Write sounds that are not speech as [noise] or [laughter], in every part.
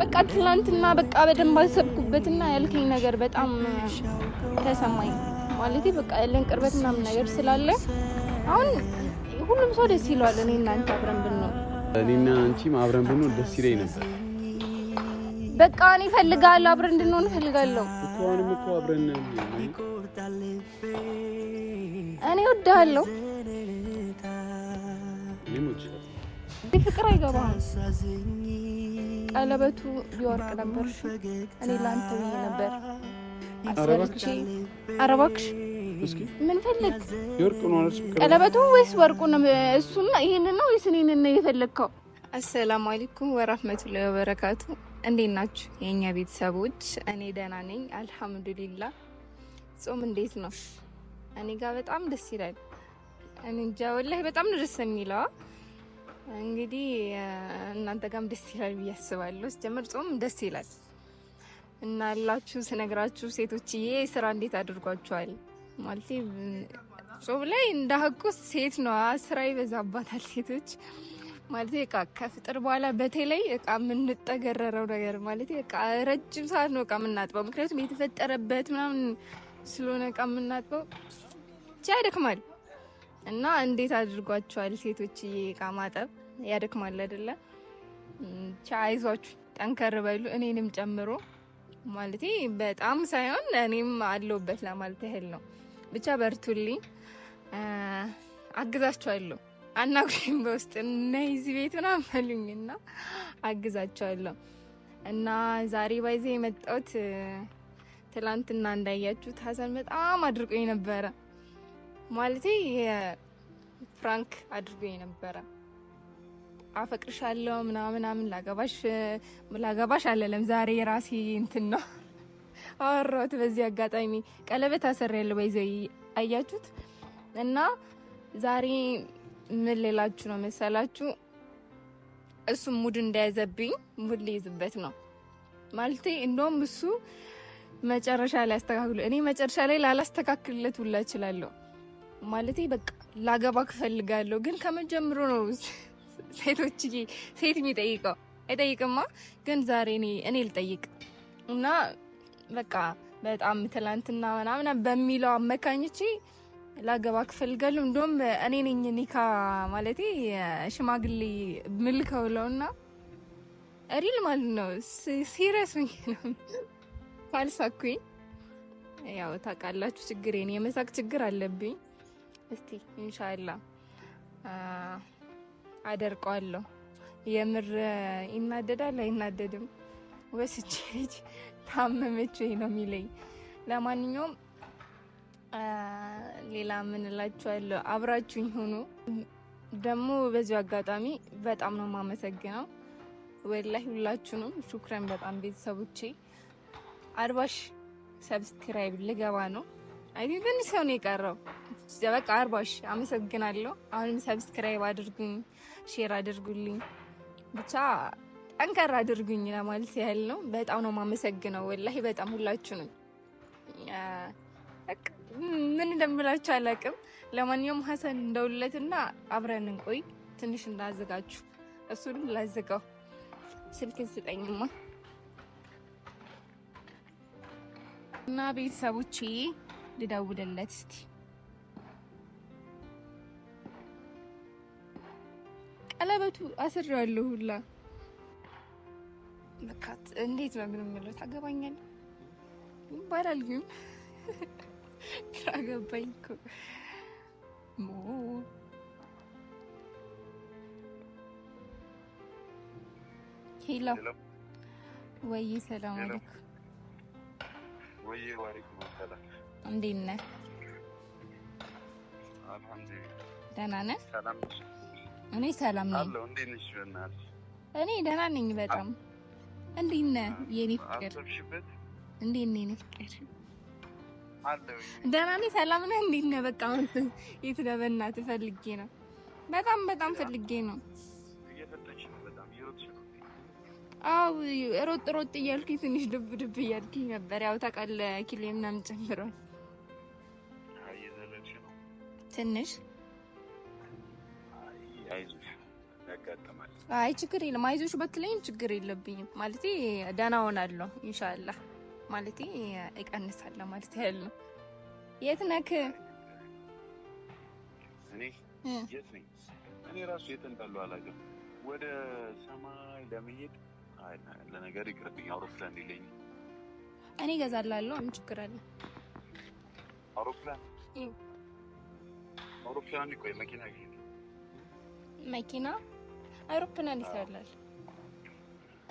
በቃ ትላንትና በቃ በደንብ አሰብኩበትና ያልከኝ ነገር በጣም ተሰማኝ። ማለቴ በቃ ያለን ቅርበት ምናምን ነገር ስላለ አሁን ሁሉም ሰው ደስ ይለዋል። እኔ እና አንቺ አብረን ብንሆን እኔና አንቺም አብረን ብንሆን ደስ ይለኝ ነበር። በቃ እኔ እፈልጋለሁ፣ አብረን እንድንሆን እፈልጋለሁ። እኮንም እኮ አብረን እኔ እወድሃለሁ። ፍቅር አይገባም ቀለበቱ የወርቅ ነበር። እኔ ለአንተ ብዬ ነበር አሰርቼ። ኧረ እባክሽ ምን ፈለግ? ቀለበቱ ወይስ ወርቁ ነው? እሱና ይሄንን ነው ወይስ እኔን ነው የፈለግከው? አሰላሙ አለይኩም ወራህመቱላሂ ወበረካቱ። እንዴት ናችሁ የእኛ ቤተሰቦች? እኔ ደህና ነኝ አልሐምዱሊላ። ጾም እንዴት ነው? እኔ ጋር በጣም ደስ ይላል። እንጃ ወላሂ በጣም ደስ የሚለዋ እንግዲህ እናንተ ጋም ደስ ይላል ብዬ አስባለሁ። ስጀምር ጾም ደስ ይላል እና ያላችሁ ስነግራችሁ ሴቶችዬ ስራ እንዴት አድርጓችኋል? ማለት ጾም ላይ እንደ ሀቁ ሴት ነው ስራ ይበዛባታል። ሴቶች ማለት እቃ ከፍጥር በኋላ በተለይ እቃ የምንጠገረረው ነገር ማለት እቃ ረጅም ሰዓት ነው እቃ የምናጥበው፣ ምክንያቱም የተፈጠረበት ምናምን ስለሆነ እቃ የምናጥበው ብቻ ያደክማል። እና እንዴት አድርጓቸዋል? ሴቶች እቃ ማጠብ ያደክማል አይደለ? ቻ አይዟችሁ፣ ጠንከር በሉ እኔንም ጨምሮ ማለት በጣም ሳይሆን እኔም አለውበት ለማለት ያህል ነው። ብቻ በርቱልኝ፣ አግዛችኋለሁ። አናግሪኝ በውስጥ እና ቤቱን አመሉኝ እና አግዛችኋለሁ። እና ዛሬ ባይዘ የመጣሁት ትላንትና እንዳያችሁት ሀሰን በጣም አድርቆኝ ነበረ። ማለት ፍራንክ አድርጎ የነበረ አፈቅርሻለሁ ምን ላገባሽ ላገባሽ አለለም። ዛሬ የራሴ እንትን ነው [laughs] አወራሁት። በዚህ አጋጣሚ ቀለበት አሰሬያለሁ። ባይዘ አያችሁት። እና ዛሬ ምን ሌላችሁ ነው መሰላችሁ፣ እሱም ሙድ እንዳያዘብኝ ሙድ ሊይዝበት ነው ማለት እንደውም እሱ መጨረሻ ላይ አስተካክሉ እኔ መጨረሻ ላይ ላላስተካክልለት ሁላ እችላለሁ። ማለት በቃ ላገባ ክፈልጋለሁ ግን ከመጀመሩ ነው ሴቶች ሴት የሚጠይቀው? አይጠይቅማ። ግን ዛሬ እኔ እኔ ልጠይቅ እና በቃ በጣም ትላንትና ምናምን በሚለው አመካኝቺ ላገባ ክፈልጋለሁ እንደውም እኔ ነኝ ኒካ ማለት ሽማግሌ ምልከው ብለውና ሪል ማለት ነው ሲረሱኝ ነው ካልሳኩኝ፣ ያው ታውቃላችሁ ችግሬን የመሳቅ ችግር አለብኝ። እስቲ እንሻላ አደርቀዋለሁ። የምር ይናደዳል አይናደድም? ወስቺ ልጅ ታመመች ወይ ነው የሚለኝ። ለማንኛውም ሌላ ምን አብራችሁኝ ሆኑ ደግሞ በዚሁ አጋጣሚ በጣም ነው የማመሰግነው ወላሂ ሁላችሁንም ሹክረን በጣም ቤተሰቦቼ። አርባ ሰብስክራይብ ልገባ ነው። አይ ትንሽ ሰው ነው የቀረው። በቃ አርባ አመሰግናለሁ። አሁንም ሰብስክራይብ አድርጉኝ፣ ሼር አድርጉልኝ፣ ብቻ ጠንከር አድርጉኝ ለማለት ያህል ነው። በጣም ነው የማመሰግነው ወላሂ በጣም ሁላችሁ ነው። ምን እንደምላችሁ አላውቅም። ለማንኛውም ሀሰን እንደውለትና አብረን እንቆይ ትንሽ እንዳዘጋችሁ እሱን ላዘጋው ስልክን ስጠኝማ እና ቤተሰቦቼ ልደውልለት እስቲ። ቀለበቱ አስሬዋለሁ ሁላ መካት እንዴት ነው ግን የምለው ታገባኛል ይባላል። ግን ታገባኝ ገባኝ ሞ ሄሎ፣ ወይ ሰላም አለኩ ወይ ሰላም እንዴት ነህ? ደህና ነህ? እኔ ሰላም ነኝ። እኔ ደህና ነኝ በጣም። እንዴት ነህ የኔ ፍቅር? እንዴት ነህ የኔ ፍቅር? ደህና ነኝ። ሰላም ነህ? እንዴት ነህ? በቃ የት ነህ? በእናትህ ፈልጌ ነው በጣም በጣም ፈልጌ ነው። አው ሮጥ ሮጥ እያልኩኝ ትንሽ ድብ ድብ እያልኩኝ ነበር። ያው ታውቃለህ ኪሌ ምናምን ጨምሯል። ትንሽ አይ ችግር የለም። አይዞሽ በትለኝም ችግር የለብኝም ማለት ደህና ሆናለሁ ኢንሻአላህ ማለት እቀንሳለሁ ማለት ያህል ነው። የት ነክ? እኔ ራሱ የት እንዳለሁ አላውቅም። ወደ ሰማይ ለመሄድ ለነገር ይቅርብኝ፣ አውሮፕላን ሊለኝ እኔ እገዛላለሁ። ምን ችግር አለ? አውሮፕላን አውሮፕላን መኪና አውሮፕላን ይሰራል።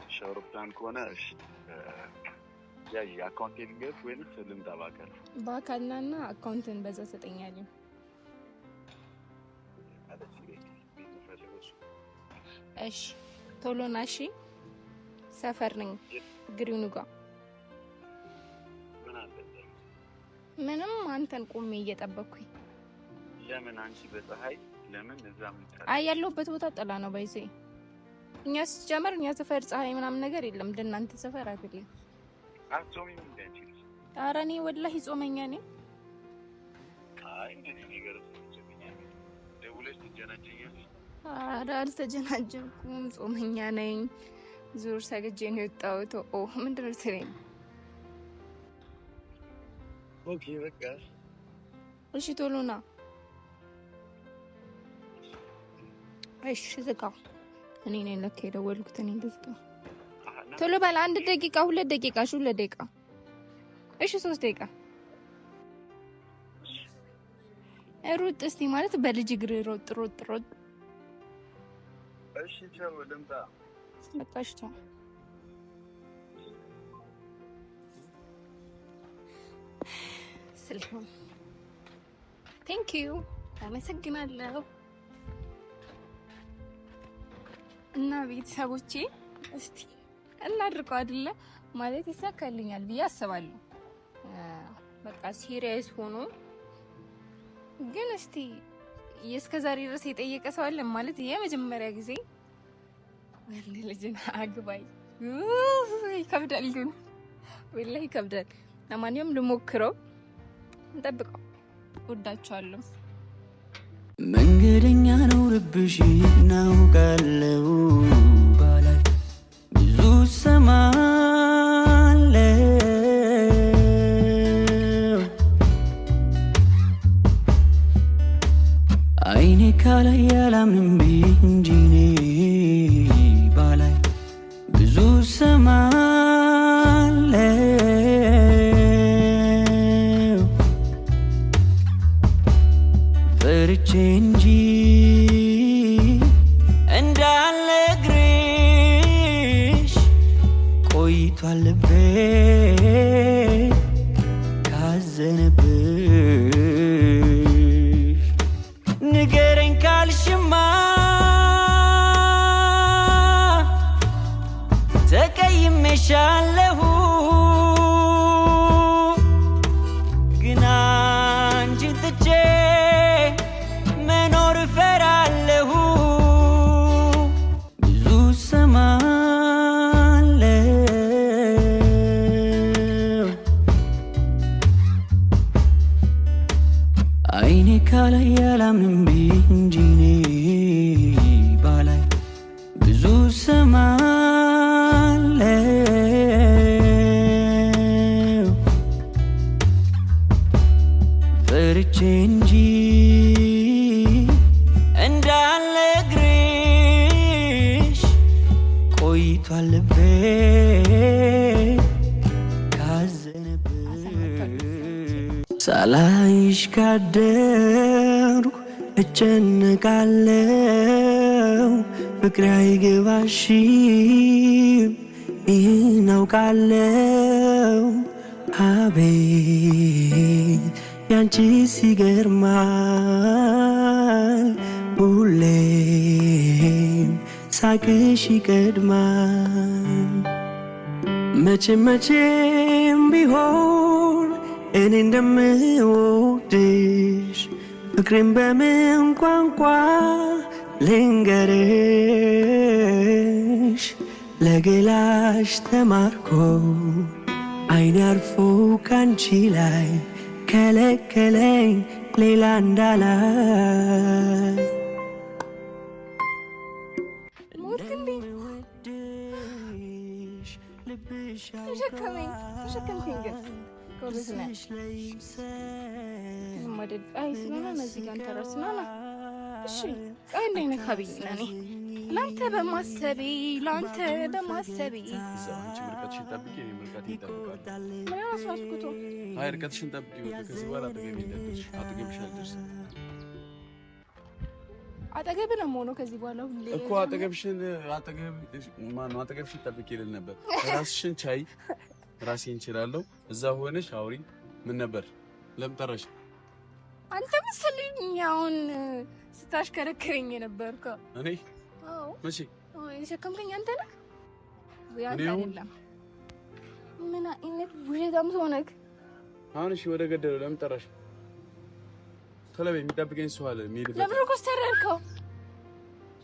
እሺ አውሮፕላን ከሆነ እሺ ያ ወይንስ ልምጣ በአካል በአካል ና እና አካውንትን በዛ ሰጠኛል። እሺ ቶሎ ና። እሺ ሰፈር ነኝ ግሪኑ ጋር ምንም አንተን ቆሜ እየጠበኩኝ ለምን አንቺ በፀሐይ ለምን እዛ አይ ያለሁበት ቦታ ጥላ ነው ባይዜ እኛ ሲጀመር እኛ ሰፈር ፀሐይ ምናምን ነገር የለም እንደ እናንተ ሰፈር አይደለም አትጾሚም እንደ አንቺ ኧረ እኔ ወላሂ ጾመኛ ነኝ አይ እንደዚህ ነገር ደውለሽ ትጀናጀኛለሽ ኧረ አልተጀናጀንኩም ጾመኛ ነኝ ዙር ሰግጄ ነው የወጣሁት ኦ ምንድን ነው ትለኝ ኦኬ በቃ እሺ ቶሎ ና እሺ ዝጋ። እኔ ነኝ ለካ የደወልኩት። እኔ ቶሎ በል። አንድ ደቂቃ፣ ሁለት ደቂቃ፣ እሺ ሁለት ደቂቃ፣ እሺ ሶስት ደቂቃ ሩጥ እስቲ ማለት በልጅ እግር ሮጥ ሮጥ ሮጥ። እሺ ቻው፣ ልምጣ መጣሽ። ልምጣ መጣሽ ቴንክ ዩ አመሰግናለሁ። እና ቤተሰቦቼ እስቲ እናድርገው አይደለ ማለት ይሳካልኛል ብዬ አስባለሁ። በቃ ሲሪየስ ሆኖ ግን እስቲ እስከ ዛሬ ድረስ የጠየቀ ሰው አለ ማለት የመጀመሪያ ጊዜ ወንድ ልጅን አግባኝ ይከብዳል፣ ግን ወላሂ ይከብዳል። ለማንኛውም ልሞክረው፣ እንጠብቀው። ወዳችኋለሁ። መንገደኛ ነው ልብሽ እናውቃለው ባላይ ብዙ ሰማለው አይኔ ካላይ ያላምንም እንጂ the jail. ሳይሽ ካደርኩ እጨነቃለው ፍቅሬ አይገባሽም ይህን አውቃለው። አቤት ያንቺ ሲገርማል ሁሌም ሳቅሽ ይቀድማል መቼም መቼም ቢሆን እኔ እንደምወድሽ ፍቅሬን በምን ቋንቋ ልንገርሽ? ለገላሽ ተማርኮ አይን አርፎ ካንቺ ላይ ከለከለኝ ሌላ እንዳላይ ልብሽ ጎበዝ ነን። ወደ ፀሐይ ስለሆነ እዚህ ጋር ተረስናና በማሰቤ ለአንተ በማሰቤ ርቀትሽን ጠብቂ። አጠገብ ነው የምሆነው ከዚህ በኋላ ሁሌ እኮ አጠገብሽን አጠገብሽን ጠብቂ ልል ነበር። ራስሽን ቻይ ራሴ እንችላለሁ። እዛ ሆነሽ አውሪ። ምን ነበር ለምጠረሽ? አንተ መሰለኝ አሁን ስታሽከረክረኝ የነበርከው እኔ። መቼ የሸከምከኝ አንተ ነህ። ምን አይነት ውሸታም ሰው ነህ? አሁን እሺ፣ ወደ ገደለው ለምጠረሽ? ጠራሽ? ተለበ የሚጠብቀኝ ሰው አለ። ለምን ኮስተረርከው?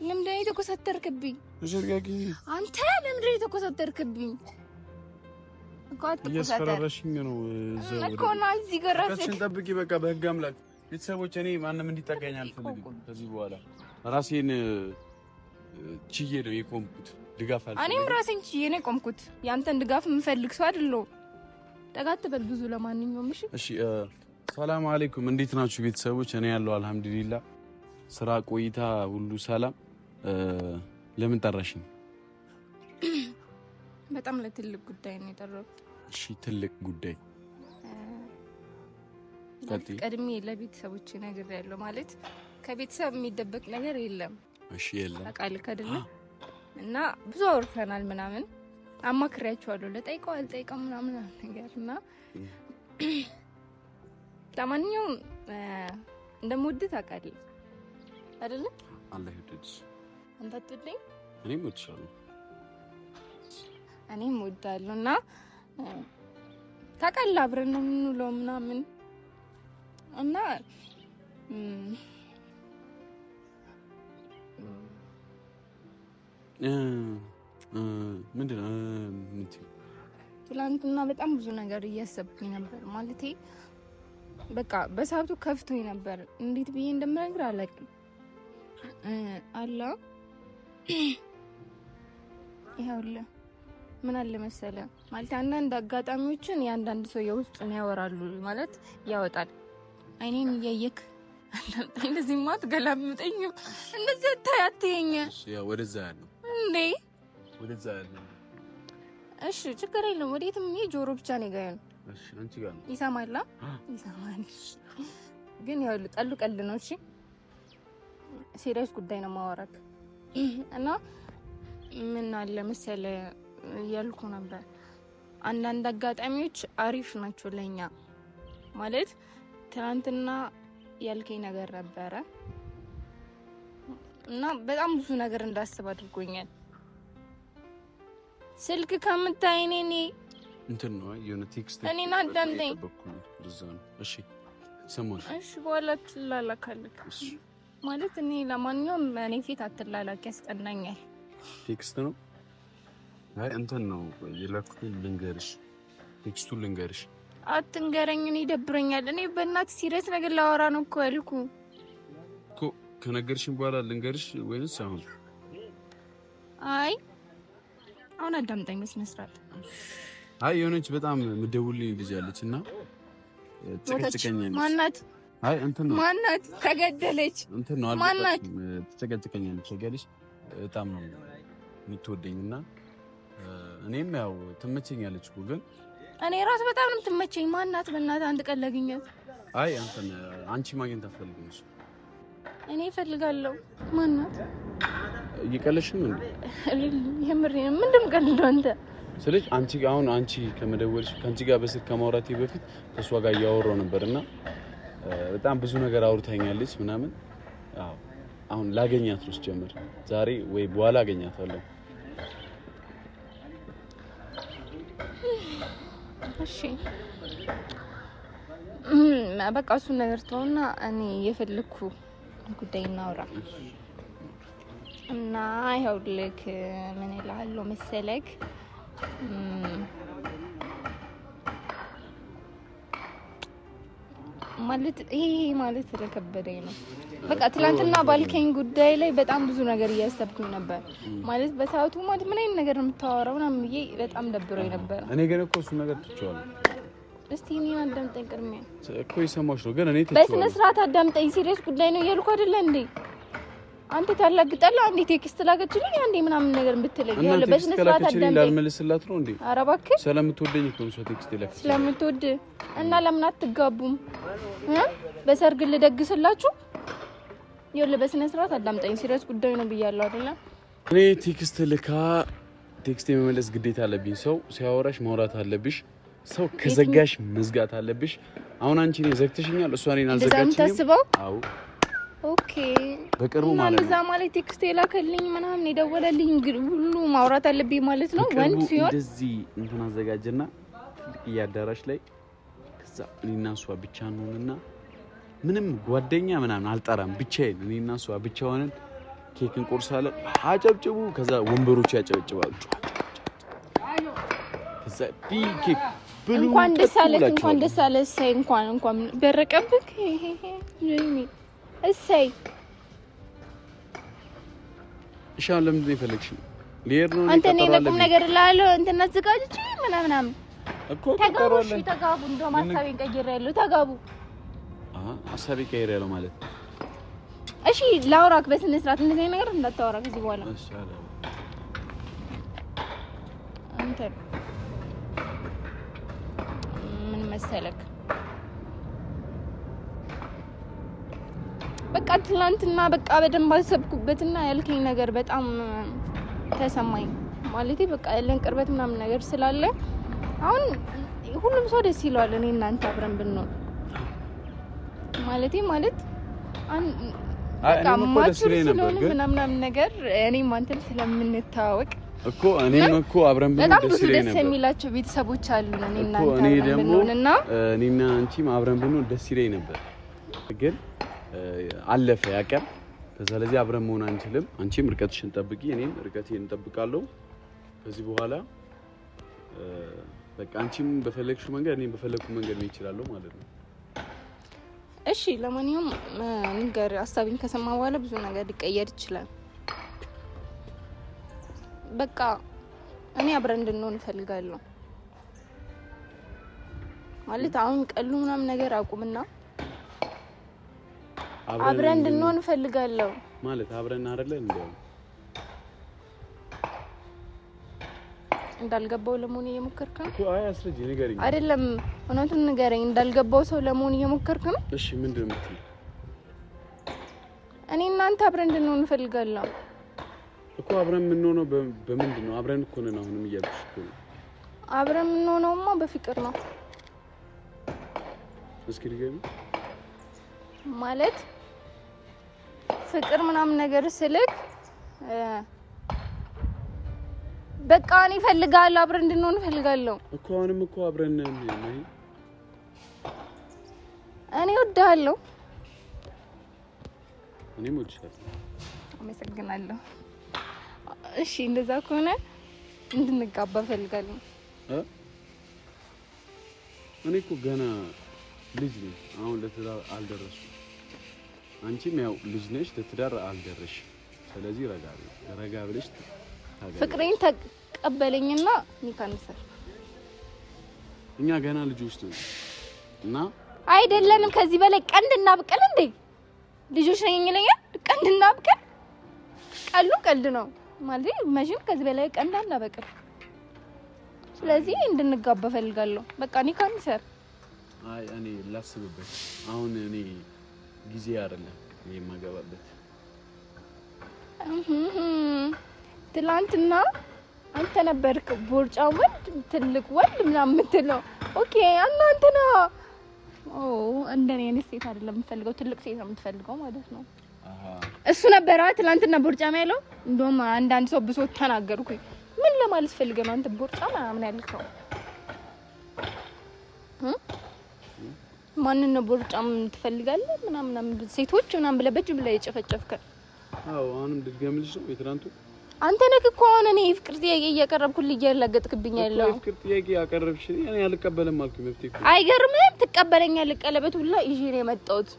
ለምንድን ነው የተኮሳተርክብኝ? አንተ ለምንድን ነው የተኮሳተርክብኝ? እያስፈራራሽኝ ነው እኮ እና እዚህ ጋር ጠብቂ። በቃ በህግ አምላክ ቤተሰቦች፣ እኔ ማንም እንዲጠጋኝ አልፈልግም። ከዚህ በኋላ ራሴን ችዬ ነው የቆምኩት። ድጋፍ አለ። እኔም ራሴን ችዬ ነው የቆምኩት። ያንተን ድጋፍ የምፈልግ ሰው አይደለሁም። ጠጋት በል ብዙ። ለማንኛውም እሺ፣ እሺ። ሰላም አለይኩም። እንዴት ናችሁ ቤተሰቦች? እኔ ያለው አልሐምዱሊላ። ስራ ቆይታ ሁሉ ሰላም። ለምን ጠራሽኝ? በጣም ለትልቅ ጉዳይ ነው የጠራሁት። እሺ ትልቅ ጉዳይ ቀድሜ ለቤተሰቦች ነገር ያለው ማለት ከቤተሰብ የሚደበቅ ነገር የለም። እሺ የለም አውቃለሁ ከድነ እና ብዙ አውርተናል ምናምን አማክሪያቸዋለሁ ለጠይቀው አልጠይቀው ምናምን ነገር እና ለማንኛውም እንደምወድህ አውቃለሁ አይደለ? አላህ ይወድድ። አንተ ትወደኝ፣ እኔም እወድሻለሁ። እኔም እወዳለሁ እና ታውቃለህ፣ አብረን ነው የምንውለው ምናምን እና ምንድን ትላንትና በጣም ብዙ ነገር እያሰብኩኝ ነበር። ማለቴ በቃ በሰዓቱ ከፍቶኝ ነበር። እንዴት ብዬ እንደምነግር አላውቅም። አላ ይኸውልህ ምን አለ መሰለ ማለት አንዳንድ አጋጣሚዎችን የአንዳንድ ሰው የውስጡን ያወራሉ ማለት ያወጣል። አይኔም እያየክ እንደዚህ ማት ገላምጠኝ እንደዚህ አታያትኝ። ወደዛ ያለው እንዴ ወደዛ ያለው እሺ፣ ችግር የለም ወዴትም ይሄ ጆሮ ብቻ ነው ይገኛል። እሺ፣ አንቺ ጋር ነው ይሰማል፣ ይሰማል። ግን ያው ቀሉ ቀል ነው። እሺ፣ ሴሪየስ ጉዳይ ነው ማወራክ እና ምን አለ መሰለ እያልኩ ነበር። አንዳንድ አጋጣሚዎች አሪፍ ናቸው ለኛ ማለት ትናንትና ያልከኝ ነገር ነበረ እና በጣም ብዙ ነገር እንዳስብ አድርጎኛል። ስልክ ከምታይ እኔ እኔ እንትን ነው የሆነ ቴክስት እኔን አዳምጠኝ። እሺ ሰሞን እሺ፣ በኋላ ትላላካለህ ማለት እኔ ለማንኛውም እኔ ፊት አትላላክ፣ ያስቀናኛል። ቴክስት ነው አይ እንትን ነው የላኩትን ልንገርሽ፣ ቴክስቱን ልንገርሽ። አትንገረኝ፣ እኔ ይደብረኛል። እኔ በእናት ሲሪየስ ነገር ላወራ ነው እኮ ያልኩ እኮ። ከነገርሽኝ በኋላ ልንገርሽ ወይንስ አሁን? አይ አሁን አዳምጠኝ በስነ ስርዓት። አይ የሆነች በጣም ምደውልኝ ልጅ አለች እና ትጨቀጭቀኛለች። ማናት? አይ እንትን ነው ማናት? ተገደለች። እንትን ነው ማናት? ትጨቀጭቀኛለች። በጣም ነው የምትወደኝና እኔም ያው ትመቸኛለች እኮ ግን እኔ ራስ በጣም ነው የምትመቸኝ። ማናት በእናትህ አንድ ቀን ላግኛት። አይ አንተን አንቺ ማግኘት አትፈልግም። እሱ እኔ እፈልጋለሁ። ማናት? እየቀለድሽም እንዴ? የምር ምንድን ቀልደው አንተ ስለች አንቺ አሁን አንቺ ከመደወልሽ ከአንቺ ጋር በስልክ ከማውራቴ በፊት ከእሷ ጋር እያወራሁ ነበር እና በጣም ብዙ ነገር አውርታኛለች ምናምን። አሁን ላገኛት ነው ስጀምር ዛሬ ወይ በኋላ አገኛታለሁ እሺ በቃ እሱን ነገር ተውና እኔ የፈለኩ ጉዳይ እናውራ እና ይኸውልህ ምን እልሃለሁ መሰለክ ማለት ይሄ ማለት ስለከበደኝ ነው በቃ ትላንትና ባልከኝ ጉዳይ ላይ በጣም ብዙ ነገር እያሰብኩኝ ነበር። ማለት በሰዓቱ ማለት ምን አይነት ነገር የምታወራው ምናምን ብዬ በጣም ደብሮኝ ነበር። እኔ ግን እኮ እሱ ነገር ትቼዋለሁ። እስቲ አዳምጠኝ። ቅድሚያ እኮ የሰማሁሽ ነው፣ ግን እኔ ትቼዋለሁ። በስነ ስርዓት አዳምጠኝ። ሲሪየስ ጉዳይ ነው እያልኩ አይደለ እንዴ? አንተ ታላግጣለህ። አንዴ ቴክስት ላገችልኝ፣ አንዴ ምናምን ነገር ብትለኝ ያለ በስነ ስርዓት አዳምጠኝ። ላልመልስላት ነው እንዴ? ኧረ እባክህ ስለምትወደኝ እኮ ነው ቴክስት ስለምትወድ እና ለምን አትጋቡም? በሰርግ ልደግስላችሁ ይኸውልህ በስነ ስርዓት አዳምጠኝ። ሲሪየስ ጉዳዩ ነው ብያለሁ አይደለም። እኔ ቴክስት ልካ ቴክስት የመመለስ ግዴታ አለብኝ። ሰው ሲያወራሽ ማውራት አለብሽ። ሰው ከዘጋሽ መዝጋት አለብሽ። አሁን አንቺ እኔ ዘግተሽኛል፣ እሷ እኔን አልዘጋችኝም። ታስበው አዎ ኦኬ በቅርቡ ማለት ነው። እዛ ማለት ቴክስት የላከልኝ ምናምን የደወለልኝ ሁሉ ማውራት አለብኝ ማለት ነው። ወንድ ሲሆን እንደዚህ እንትን አዘጋጅና ትልቅ አዳራሽ ላይ ከዛ እኔና እሷ ብቻ እንሆንና ምንም ጓደኛ ምናምን አልጠራም። ብቻዬን እኔ እና እሷ ብቻ ሆነን ኬክ እንቆርሳለን። አጨብጭቡ። ከዛ ወንበሮች ያጨበጭባሉ። ከዛ ኬክ ብሉ። እንኳን ደስ አለህ፣ እንኳን ደስ አለህ። እሰይ እንኳን እንኳን በረቀብክ። እሰይ እሺ። ለምን ለምንድን ሊየር ነው አንተ ነኝ ለቁም ነገር ላለው እንትን አዘጋጅቼ ምናምን ምናምን እኮ ተጋቡ። እሺ ተጋቡ። እንደውም ሀሳቤን ቀይሬያለሁ። ተጋቡ ሀሳቤ ቀይር ያለው ማለት እሺ ላውራክ በስነ ስርዓት እንደዚህ ነገር እንዳታወራ ከዚህ በኋላ አንተ ምን መሰለክ፣ በቃ ትናንትና በቃ በደንብ አሰብኩበትና ያልከኝ ነገር በጣም ተሰማኝ። ማለቴ በቃ ያለን ቅርበት ምናምን ነገር ስላለ አሁን ሁሉም ሰው ደስ ይለዋል። እኔ እናንተ አብረን ብንሆን ማለቴ ማለት ማቹር ስለሆነ ምናምናም ነገር እኔ ማንተን ስለምንታወቅ እኮ እኔም እኮ አብረን ብንሆን ደስ ይለኝ ነበር። የሚላቸው ቤተሰቦች አሉ እኔ ደግሞ እኔና አንቺም አብረን ብንሆን ደስ ይለኝ ነበር፣ ግን አለፈ ያቀር ከዛ ለዚህ አብረን መሆን አንችልም። አንቺም ርቀትሽን ጠብቂ፣ እኔም ርቀቴን እንጠብቃለሁ። ከዚህ በኋላ በቃ አንቺም በፈለግሽው መንገድ እኔም በፈለግኩ መንገድ ነው ይችላለሁ ማለት ነው። እሺ ለማንኛውም ንገር ሀሳብኝ ከሰማ በኋላ ብዙ ነገር ሊቀየር ይችላል። በቃ እኔ አብረን እንድንሆን እፈልጋለሁ። ማለት አሁን ቀሉ ምናምን ነገር አቁምና አብረን እንድንሆን እፈልጋለሁ ማለት አብረን አይደለ እንዴ? እንዳልገባው ለመሆን እየሞከርክ ነው? አይ አስረጂ፣ ንገረኝ። አይደለም እውነቱን ንገረኝ። እንዳልገባው ሰው ለመሆን እየሞከርክ ነው? እሺ፣ ምንድን ነው የምትይው? እኔ እናንተ አብረን እንድንሆን እፈልጋለሁ እኮ። አብረን የምንሆነው በምንድን ነው? አብረን እኮ ነን አሁንም እያልኩሽ እኮ ነው። አብረን የምንሆነውማ በፍቅር ነው። እስኪ ንገረኝ። ማለት ፍቅር ምናምን ነገር ስልክ በቃ እኔ እፈልጋለሁ፣ አብረን እንድንሆን እፈልጋለሁ እኮ አሁንም እኮ አብረን ነን። እኔ እወድሃለሁ፣ እኔም እወድሻለሁ። አመሰግናለሁ። እሺ እንደዛ ከሆነ እንድንጋባ እፈልጋለሁ። እኔ እኮ ገና ልጅ ነኝ፣ አሁን ለትዳር አልደረስኩም። አንቺም ያው ልጅ ነሽ፣ ለትዳር አልደረስሽ። ስለዚህ ረጋ ረጋ ብለሽ ፍቅሬን ተቀበለኝና ኒካ እኛ ገና ልጆች ነን እና አይደለንም። ከዚህ በላይ ቀንድ እናብቀል እንዴ? ልጆች ነኝ ይለኛል። ቀንድ እናብቀል። ቀሉ ቀልድ ነው ማለት መቼም ከዚህ በላይ ቀንድ አናበቅል። ስለዚህ እንድንጋባ እፈልጋለሁ። በቃ ኒካ እንሰር። አይ እኔ ላስብበት። አሁን እኔ ጊዜ አይደለም የማገባበት ትላንትና አንተ ነበርክ ቦርጫ ወንድ ትልቅ ወንድ ምናምን የምትለው። ኦኬ እናንተ ነው። ኦ እንደኔ አይነት ሴት አይደለም የምትፈልገው፣ ትልቅ ሴት ነው የምትፈልገው ማለት ነው። እሱ ነበረ ትናንትና ቦርጫ ያለው። እንደውም አንዳንድ ሰው ብሶ ተናገርኩኝ። ምን ለማለት ፈልገህ ነው አንተ ቦርጫ ምናምን ያልከው? ማንን ነው ቦርጫም ትፈልጋለህ ምናምን ሴቶች ምናምን ብለህ በጅ ብለህ አዎ አሁንም ድጋሚ ልጅ ነው የትናንቱ አንተ ነህ እኮ አሁን እኔ የፍቅር ጥያቄ እያቀረብኩልህ እያላገጥክብኝ ያለው የፍቅር ጥያቄ ያቀረብሽ እኔ አልቀበልም አልኩኝ። መብቴ እኮ አይገርምህም? ትቀበለኛለህ። ቀለበት ሁላ ይዤ ነው የመጣሁት።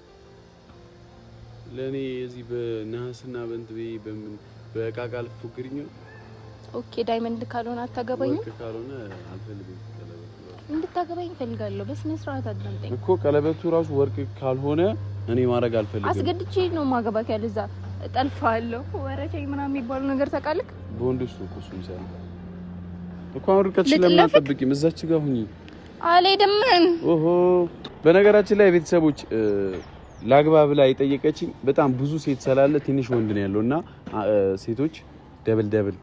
ለእኔ እዚህ በነሐስና በእንትን በምን በዕቃ ዕቃ ልትፎክሪኝ ኦኬ ዳይመንድ ካልሆነ አታገባኝም? ወርቅ ካልሆነ አልፈልግም። ቀለበት እንድታገባኝ እፈልጋለሁ። በስነ ስርዓት አዳምጠኝ እኮ። ቀለበቱ ራሱ ወርቅ ካልሆነ እኔ ማድረግ አልፈልግም። አስገድቼ ነው ማገባት ያለዛ እጠልፋለሁ ወረቴ ምናምን የሚባሉ ነገር ታውቃለህ። በወንዶች ነው እኮ እሱ የሚሰራው እኮ ለምን አልጠብቂም? እዛች ጋር ሁኚ። አልሄድም። ኦሆ በነገራችን ላይ ቤተሰቦች ላግባ ብላ የጠየቀችኝ በጣም ብዙ ሴት ስላለ ትንሽ ወንድ ነው ያለው እና ሴቶች ደብል ደብል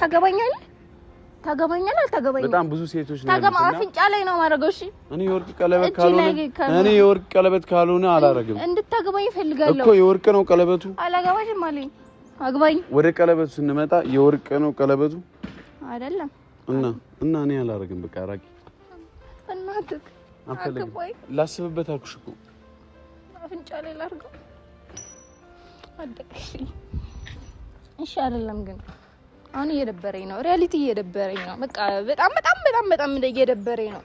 ታገባኛለህ ታገባኛል አልታገባኝም? በጣም ብዙ ሴቶች ነው ታገባ። አፍንጫ ላይ ነው ማድረገው። እሺ እኔ የወርቅ ቀለበት ካልሆነ እኔ የወርቅ ቀለበት ካልሆነ አላረግም። እንድታገባኝ እፈልጋለሁ እኮ የወርቅ ነው ቀለበቱ። አላገባሽም አለኝ። አግባኝ። ወደ ቀለበቱ ስንመጣ የወርቅ ነው ቀለበቱ አይደለም። እና እና እኔ አላረግም። በቃ ራቂ። እናትህ አፈልግ። ላስብበት አልኩሽ እኮ አፍንጫ ላይ ላድርገው። አደቀሽ። እሺ አይደለም ግን አሁን እየደበረኝ ነው። ሪያሊቲ እየደበረኝ ነው። በቃ በጣም በጣም በጣም በጣም እየደበረኝ ነው።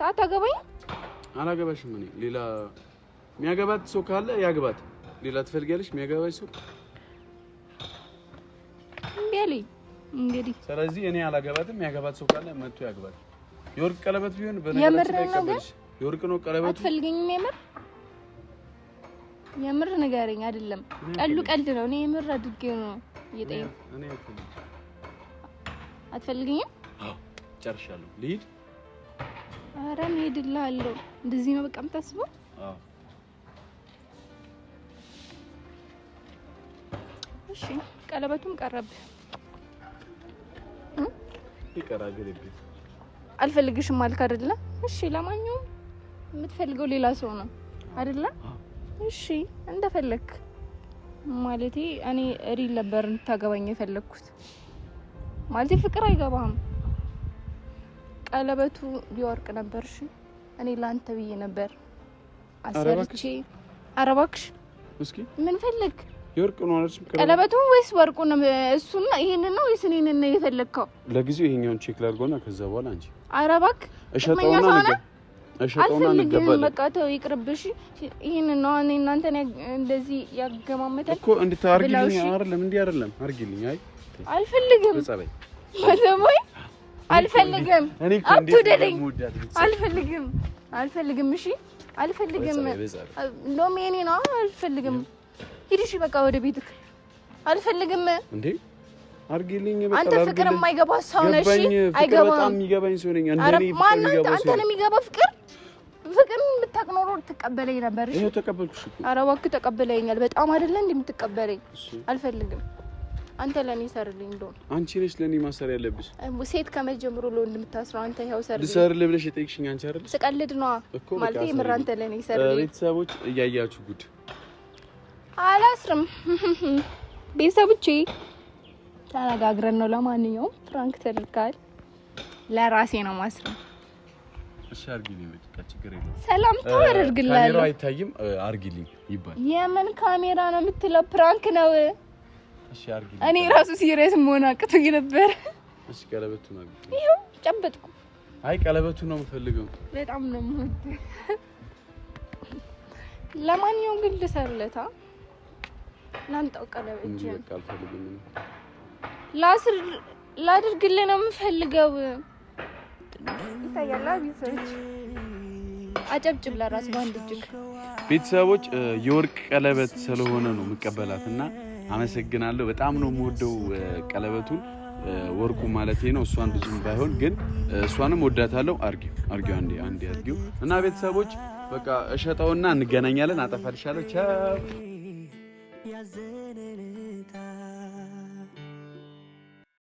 ታታገባኝ አላገባሽም። ምን ሌላ የሚያገባት ሰው ካለ ያግባት። ሌላ ትፈልጊያለሽ? የሚያገባሽ ሰው እንግዲህ ስለዚህ እኔ አላገባትም። ያገባት ሰው ካለ መጥቶ ያግባት። የወርቅ ቀለበት ቢሆን በነገራችን ላይ የምር ነው። የወርቅ ነው ቀለበቱ። አትፈልገኝም የምር የምር ንገረኝ። አይደለም ቀሉ ቀልድ ነው። እኔ የምር አድርጌ ነው እየጠየኩ። አትፈልገኝም? ጨርሻለሁ። ልሂድ። ኧረ እንሄድልሃለሁ። እንደዚህ ነው በቃ የምታስበው? እሺ። ቀለበቱም ቀረብህ። አልፈልግሽም አልክ አይደለ? እሺ። ለማንኛውም የምትፈልገው ሌላ ሰው ነው አይደለ? እሺ እንደፈለክ ማለት እኔ ሪል ነበር እንድታገባኝ የፈለግኩት ማለት ፍቅር አይገባም። ቀለበቱ ሊወርቅ ነበር። እሺ እኔ ላንተ ብዬ ነበር አሰርቼ። ኧረ እባክሽ እስኪ ምን ፈለግ? የወርቅ ነው አለች። ቀለበቱ ወይስ ወርቁ ነው? እሱና ይሄን ነው ወይስ እኔን ነው የፈለግከው? ለጊዜው ይሄኛውን ቼክ ላድርገውና ከዛ በኋላ አንቺ ኧረ እባክህ እሸጠውና አልፈልግም። በቃ ተው ይቅርብሽ። ይህንን ነው እኔ እናንተን እንደዚህ ያገማመታል እኮ እንድታ አርጊልኝ። አይደለም እንዲህ አይደለም፣ አርጊልኝ። አይ አልፈልግም፣ በሰማይ አልፈልግም። አትውደደኝ፣ አልፈልግም፣ አልፈልግም። እሺ አልፈልግም። እንደውም የእኔ ነው። አልፈልግም። ሂድሽ በቃ ወደ ቤትክ። አልፈልግም እንዴ አርጌልኝ አንተ ፍቅር የማይገባ ሰው ነሽ። አይገባ በጣም የሚገባኝ ሰው ነኝ። አንተ ለሚገባ ፍቅር ፍቅር የምታውቅ ኖሮ ትቀበለኝ ነበር። እሺ ተቀበልኩሽ። ኧረ እባክህ ተቀበለኛል። በጣም አይደለ እንደምትቀበለኝ አልፈልግም። አንተ ለኔ ሰርልኝ። እንደውም አንቺ ነሽ ለኔ ማሰር ያለብሽ። ሴት ከመጀመሩ ሎ እንደምታስረው አንተ ያው ሰርልኝ። ልሰርል ብለሽ የጠየቅሽኝ አንቺ አይደል? ስቀልድ ነዋ ማለት የምር። አንተ ለኔ ሰርልኝ። ቤተሰቦች እያያችሁ ጉድ አላስርም ቤተሰቦቼ ተነጋግረን ነው። ለማንኛውም ፍራንክ ተደርጋል። ለራሴ ነው ማስረው። እሺ አርጊልኝ፣ በቃ ችግር የለም። ሰላም ታደርግላለህ። ካሜራ አይታይም አርግልኝ ይባል። የምን ካሜራ ነው የምትለው? ፕራንክ ነው። እሺ አርግልኝ። እኔ ራሱ ሲሪየስ መሆን አቅቶኝ ነበር። እሺ ቀለበቱ ነው። ይሄው ጨበጥኩ። አይ ቀለበቱ ነው የምፈልገው። በጣም ነው የምወደው። ለማንኛውም ግን ልሰርለታ ላንጣው ቀለበት እንጂ በቃ አልፈልግም። ላድርግልህ ነው የምፈልገው። ይታያል። ቤተሰቦች አጨብጭብ ለራስ በአንድ እጅግ ቤተሰቦች የወርቅ ቀለበት ስለሆነ ነው የምቀበላት እና አመሰግናለሁ። በጣም ነው የምወደው ቀለበቱን ወርቁ ማለት ነው። እሷን ብዙም ባይሆን ግን እሷንም ወዳታለሁ። አርጊው አርጊው፣ አንዴ አንዴ አርጊው እና ቤተሰቦች በቃ እሸጠውና እንገናኛለን። አጠፋልሻለሁ። ቻው